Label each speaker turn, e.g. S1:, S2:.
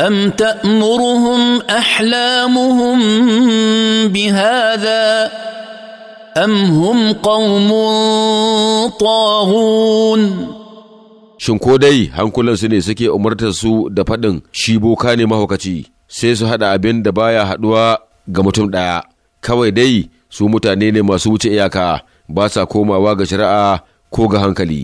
S1: أم تأمرهم أحلامهم بهذا أم هم قوم طاغون
S2: Shin ko dai hankulansu ne suke umartar su da faɗin shi boka ne mahaukaci sai su haɗa abin da baya haɗuwa ga mutum ɗaya, kawai
S3: dai su mutane ne masu wuce iyaka ba sa komawa ga shari'a ko ga hankali.